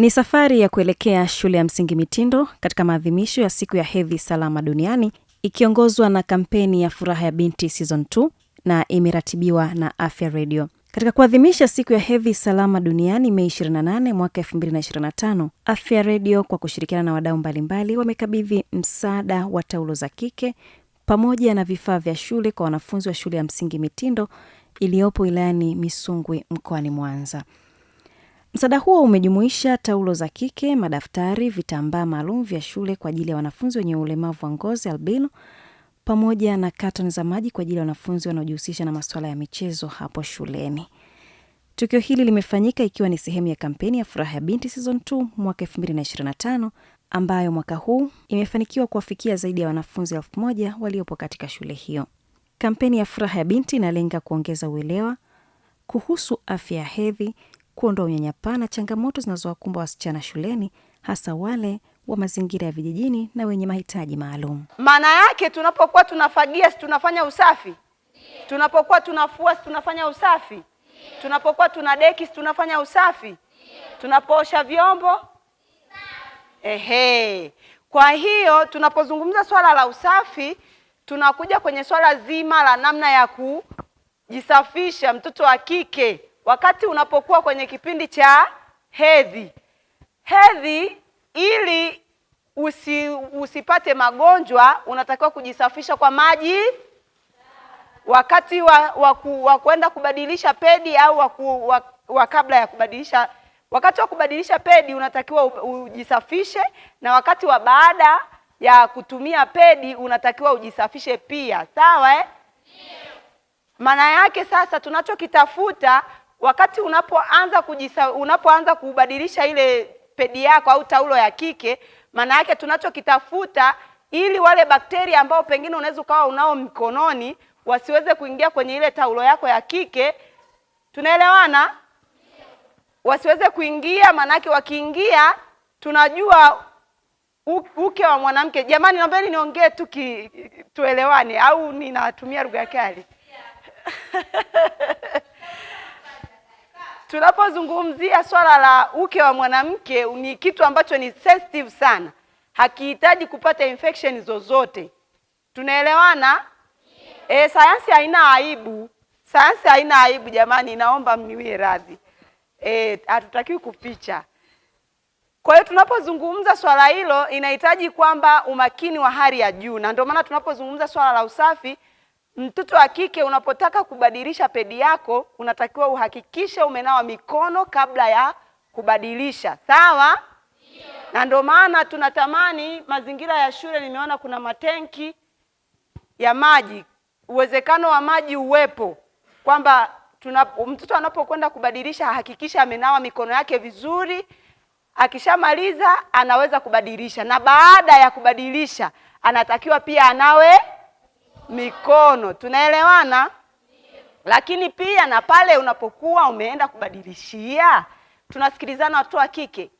Ni safari ya kuelekea shule ya msingi Mitindo katika maadhimisho ya siku ya hedhi salama duniani ikiongozwa na kampeni ya furaha ya binti season 2 na imeratibiwa na Afya Radio. Katika kuadhimisha siku ya hedhi salama duniani Mei 28 mwaka 2025, Afya Redio kwa kushirikiana na wadau mbalimbali wamekabidhi msaada wa taulo za kike pamoja na vifaa vya shule kwa wanafunzi wa shule ya msingi Mitindo iliyopo wilayani Misungwi mkoani Mwanza. Msaada huo umejumuisha taulo za kike, madaftari, vitambaa maalum vya shule kwa ajili ya wanafunzi wenye ulemavu wa ngozi albino, pamoja na katoni za maji kwa ajili ya wanafunzi wanaojihusisha na masuala ya michezo hapo shuleni. Tukio hili limefanyika ikiwa ni sehemu ya kampeni ya Furaha ya Binti Season 2 mwaka 2025 ambayo mwaka huu imefanikiwa kuwafikia zaidi ya wanafunzi elfu moja waliopo katika shule hiyo. Kampeni ya Furaha ya Binti inalenga kuongeza uelewa kuhusu afya ya hedhi kuondoa unyanyapaa na changamoto zinazowakumba wasichana shuleni, hasa wale wa mazingira ya vijijini na wenye mahitaji maalum. Maana yake tunapokuwa tunafagia, si tunafanya usafi? Tunapokuwa tunafua, si tunafanya usafi? Tunapokuwa tuna deki, si tunafanya usafi? Tunapoosha vyombo, ehe. Kwa hiyo tunapozungumza swala la usafi, tunakuja kwenye swala zima la namna ya kujisafisha mtoto wa kike wakati unapokuwa kwenye kipindi cha hedhi. Hedhi ili usi, usipate magonjwa unatakiwa kujisafisha kwa maji wakati wa, wa, ku, wa kwenda kubadilisha pedi au wa, ku, wa, wa kabla ya kubadilisha wakati wa kubadilisha pedi unatakiwa ujisafishe, na wakati wa baada ya kutumia pedi unatakiwa ujisafishe pia. Sawa eh? Maana yake sasa tunachokitafuta wakati unapoanza kujisa, unapoanza kubadilisha ile pedi yako au taulo ya kike, maana yake tunachokitafuta ili wale bakteria ambao pengine unaweza ukawa unao mkononi wasiweze kuingia kwenye ile taulo yako ya kike. Tunaelewana? Wasiweze kuingia, yake wakiingia tunajua uke wa mwanamke. Jamani, naombeni niongee tu tuelewane, au ninatumia lugha kali? tunapozungumzia swala la uke wa mwanamke ni kitu ambacho ni sensitive sana, hakihitaji kupata infection zozote. Tunaelewana? E, sayansi haina aibu, sayansi haina aibu jamani, naomba mniwie radhi. E, hatutakiwi kuficha. Kwa hiyo tunapozungumza swala hilo inahitaji kwamba umakini wa hali ya juu, na ndio maana tunapozungumza swala la usafi Mtoto wa kike unapotaka kubadilisha pedi yako, unatakiwa uhakikishe umenawa mikono kabla ya kubadilisha, sawa? Na ndio maana tunatamani mazingira ya shule, nimeona kuna matenki ya maji, uwezekano wa maji uwepo, kwamba tuna mtoto anapokwenda kubadilisha ahakikishe amenawa mikono yake vizuri. Akishamaliza anaweza kubadilisha, na baada ya kubadilisha anatakiwa pia anawe mikono. Tunaelewana? Lakini pia na pale unapokuwa umeenda kubadilishia, tunasikilizana watu wa kike?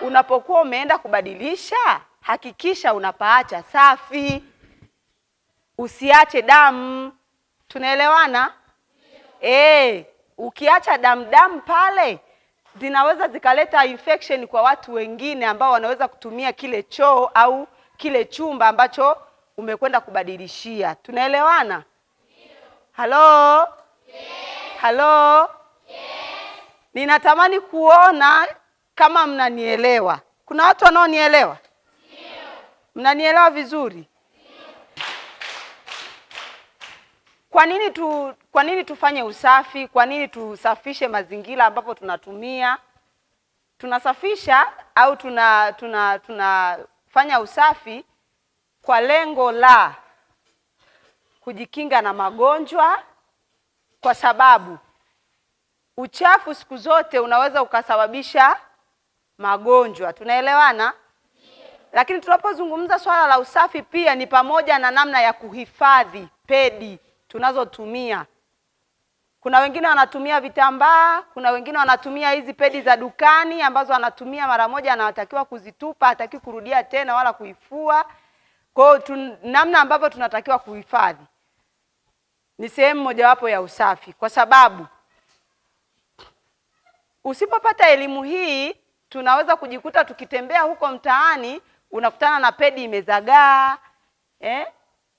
Unapokuwa umeenda kubadilisha, hakikisha unapaacha safi, usiache damu. Tunaelewana? Eh, ukiacha damu damu pale zinaweza zikaleta infection kwa watu wengine ambao wanaweza kutumia kile choo au kile chumba ambacho umekwenda kubadilishia. Tunaelewana? Halo? Halo? Ninatamani kuona kama mnanielewa. Kuna watu wanaonielewa? Mnanielewa vizuri? Kwa nini tu, kwa nini tufanye usafi? Kwa nini tusafishe mazingira ambapo tunatumia? Tunasafisha au tuna tunafanya tuna usafi kwa lengo la kujikinga na magonjwa, kwa sababu uchafu siku zote unaweza ukasababisha magonjwa. Tunaelewana? Lakini tunapozungumza swala la usafi, pia ni pamoja na namna ya kuhifadhi pedi tunazotumia. Kuna wengine wanatumia vitambaa, kuna wengine wanatumia hizi pedi za dukani ambazo anatumia mara moja, anatakiwa kuzitupa, hataki kurudia tena wala kuifua. Kwa hiyo namna ambavyo tunatakiwa kuhifadhi ni sehemu mojawapo ya usafi, kwa sababu usipopata elimu hii tunaweza kujikuta tukitembea huko mtaani unakutana na pedi imezagaa eh?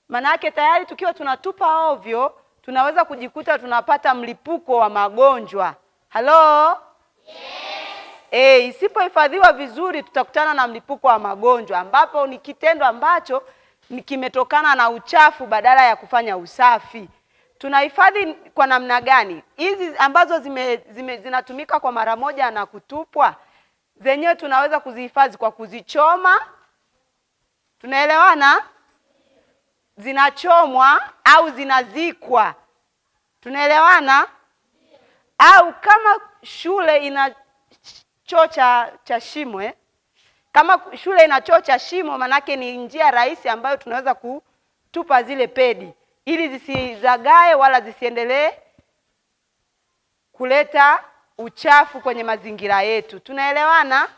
Maana yake tayari tukiwa tunatupa ovyo tunaweza kujikuta tunapata mlipuko wa magonjwa. Halo, yeah e, isipohifadhiwa vizuri tutakutana na mlipuko wa magonjwa, ambapo ni kitendo ambacho kimetokana na uchafu badala ya kufanya usafi. Tunahifadhi kwa namna gani? Hizi ambazo zime, zime, zinatumika kwa mara moja na kutupwa, zenyewe tunaweza kuzihifadhi kwa kuzichoma. Tunaelewana? Zinachomwa au zinazikwa, tunaelewana? Au kama shule ina choo cha, cha shimo eh? Kama shule ina choo cha shimo, manake ni njia rahisi ambayo tunaweza kutupa zile pedi ili zisizagae wala zisiendelee kuleta uchafu kwenye mazingira yetu. Tunaelewana?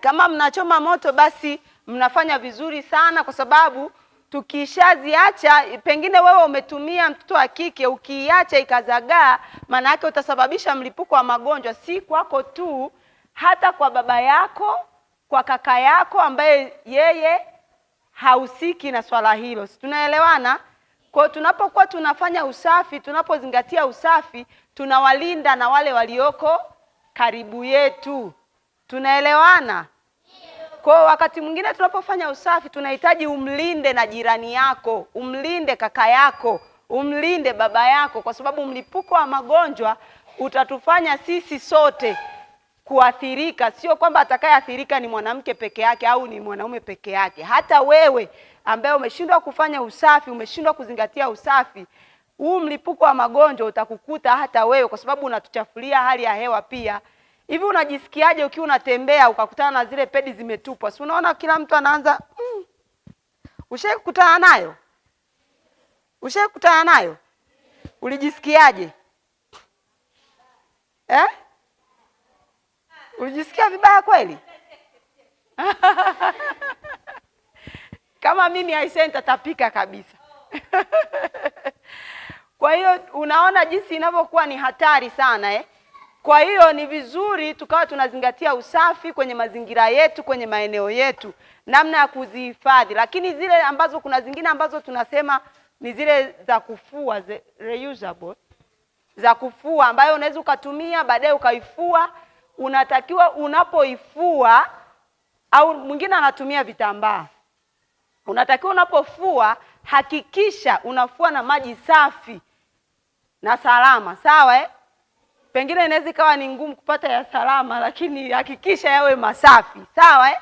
Kama mnachoma moto, basi mnafanya vizuri sana, kwa sababu Tukishaziacha pengine wewe umetumia mtoto wa kike, ukiiacha ikazagaa, maana yake utasababisha mlipuko wa magonjwa, si kwako tu, hata kwa baba yako, kwa kaka yako ambaye yeye hahusiki na swala hilo. Si tunaelewana? Kwa tunapokuwa tunafanya usafi, tunapozingatia usafi, tunawalinda na wale walioko karibu yetu. Tunaelewana? Kwa hiyo wakati mwingine tunapofanya usafi tunahitaji umlinde na jirani yako, umlinde kaka yako, umlinde baba yako, kwa sababu mlipuko wa magonjwa utatufanya sisi sote kuathirika. Sio kwamba atakayeathirika ni mwanamke peke yake au ni mwanaume peke yake. Hata wewe ambaye umeshindwa kufanya usafi, umeshindwa kuzingatia usafi, huu mlipuko wa magonjwa utakukuta hata wewe, kwa sababu unatuchafulia hali ya hewa pia. Hivi unajisikiaje ukiwa unatembea ukakutana na zile pedi zimetupwa? Si unaona kila mtu anaanza mm. Ushawahi kukutana nayo? Ushawahi kukutana nayo? Ulijisikiaje? Eh? Ulijisikia vibaya kweli? Kama mimi aisee, nitatapika kabisa. Kwa hiyo unaona jinsi inavyokuwa ni hatari sana eh? Kwa hiyo ni vizuri tukawa tunazingatia usafi kwenye mazingira yetu, kwenye maeneo yetu, namna ya kuzihifadhi. Lakini zile ambazo kuna zingine ambazo tunasema ni zile za kufua reusable, za kufua ambayo unaweza ukatumia baadaye ukaifua. Unatakiwa unapoifua, au mwingine anatumia vitambaa, unatakiwa unapofua hakikisha unafua na maji safi na salama, sawa eh? pengine inaweza ikawa ni ngumu kupata ya salama, lakini hakikisha yawe masafi, sawa eh?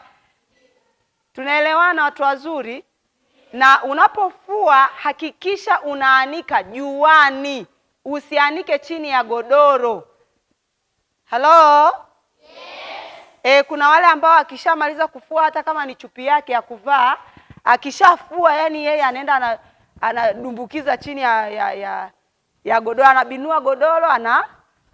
Tunaelewana watu wazuri? Na unapofua hakikisha unaanika juani, usianike chini ya godoro. Halo, yes. Eh, e, kuna wale ambao akishamaliza kufua hata kama ni chupi yake ya kuvaa akishafua, yani yeye anaenda anadumbukiza chini ya, ya, ya, ya godoro, anabinua godoro ana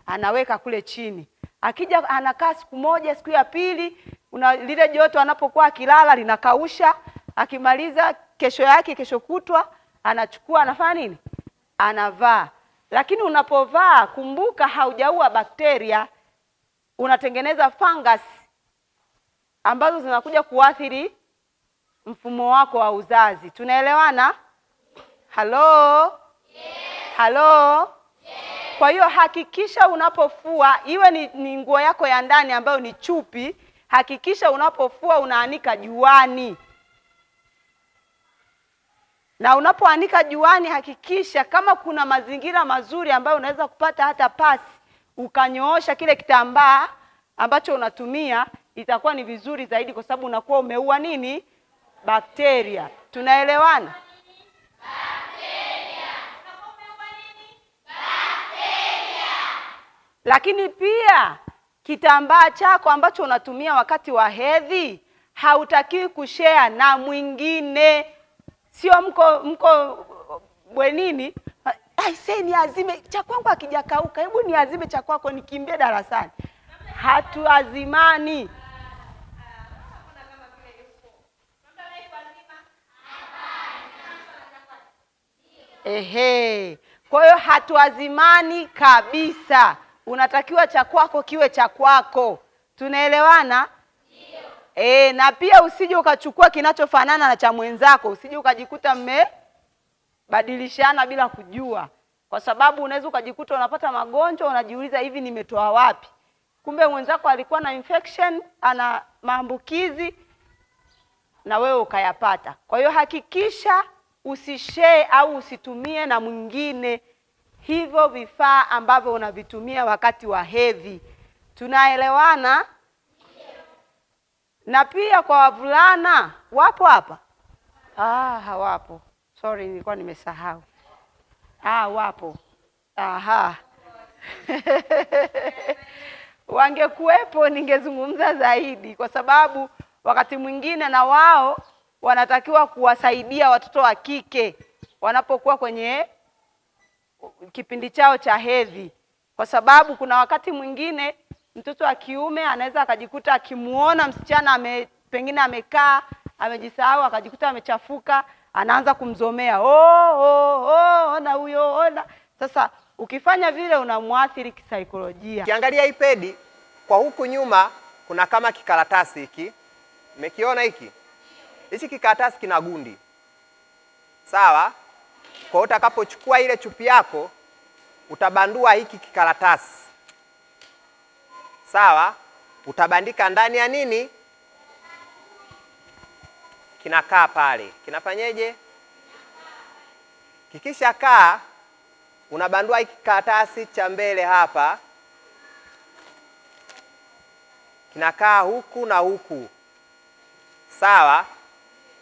anaweka kule chini. Akija anakaa siku moja, siku ya pili, una lile joto, anapokuwa akilala linakausha. Akimaliza kesho yake, kesho kutwa, anachukua anafanya nini? Anavaa. Lakini unapovaa, kumbuka, haujaua bakteria, unatengeneza fungus ambazo zinakuja kuathiri mfumo wako wa uzazi. Tunaelewana? Halo? Yes. Halo? Kwa hiyo hakikisha unapofua, iwe ni, ni nguo yako ya ndani ambayo ni chupi, hakikisha unapofua unaanika juani, na unapoanika juani hakikisha kama kuna mazingira mazuri ambayo unaweza kupata hata pasi ukanyoosha kile kitambaa ambacho unatumia, itakuwa ni vizuri zaidi, kwa sababu unakuwa umeua nini, bakteria. Tunaelewana? Lakini pia kitambaa chako ambacho unatumia wakati wa hedhi hautakiwi kushea na mwingine. Sio mko mko bwenini, aisee, ni azime cha kwangu akijakauka, hebu ni azime cha kwako nikimbie darasani. Hatuazimani. Ehe, kwa hiyo hatuazimani kabisa unatakiwa cha kwako kiwe cha kwako. Tunaelewana? E, na pia usije ukachukua kinachofanana na cha mwenzako, usije ukajikuta mmebadilishana bila kujua, kwa sababu unaweza ukajikuta unapata magonjwa, unajiuliza hivi nimetoa wapi? Kumbe mwenzako alikuwa na infection, ana maambukizi na wewe ukayapata. Kwa hiyo hakikisha usishare au usitumie na mwingine hivyo vifaa ambavyo unavitumia wakati wa hedhi. Tunaelewana? Na pia kwa wavulana wapo hapa? Ah, hawapo. Sorry, nilikuwa nimesahau. Ah, wapo. Aha. Wangekuwepo ningezungumza zaidi, kwa sababu wakati mwingine na wao wanatakiwa kuwasaidia watoto wa kike wanapokuwa kwenye kipindi chao cha hedhi, kwa sababu kuna wakati mwingine mtoto wa kiume anaweza akajikuta akimuona msichana ame, pengine amekaa amejisahau akajikuta amechafuka, anaanza kumzomea oh, oh, oh, ona huyo ona. Sasa ukifanya vile unamwathiri kisaikolojia. Ukiangalia ipedi kwa huku nyuma kuna kama kikaratasi hiki, umekiona hiki? Hichi kikaratasi kina gundi, sawa kwa hiyo utakapochukua ile chupi yako utabandua hiki kikaratasi, sawa? Utabandika ndani ya nini, kinakaa pale. Kinafanyeje? kikisha kaa, unabandua hiki kikaratasi cha mbele hapa, kinakaa huku na huku, sawa?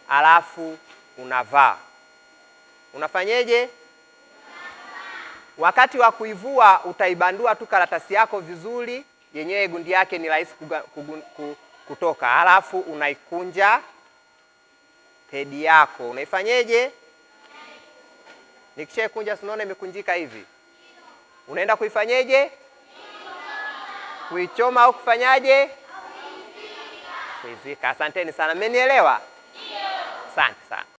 Alafu unavaa. Unafanyeje? Wakati wa kuivua utaibandua tu karatasi yako vizuri, yenyewe gundi yake ni rahisi kutoka. Halafu unaikunja pedi yako, unaifanyeje? Nikishaikunja, si unaona imekunjika hivi, unaenda kuifanyeje? Kuichoma au kufanyaje? Kuizika. Asanteni sana, mmenielewa? Asante sana.